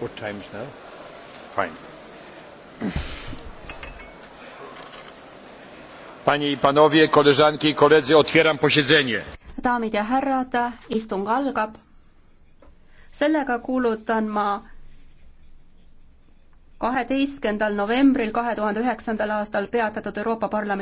What times now? Fine. Panie i panowie, koleżanki i koledzy, otwieram posiedzenie. Daamid ja härrad, istung algab. Sellega kuulutan ma kaheteistkümnendal novembril kahe tuhande üheksandal aastal peatatud Euroopa Parlamendi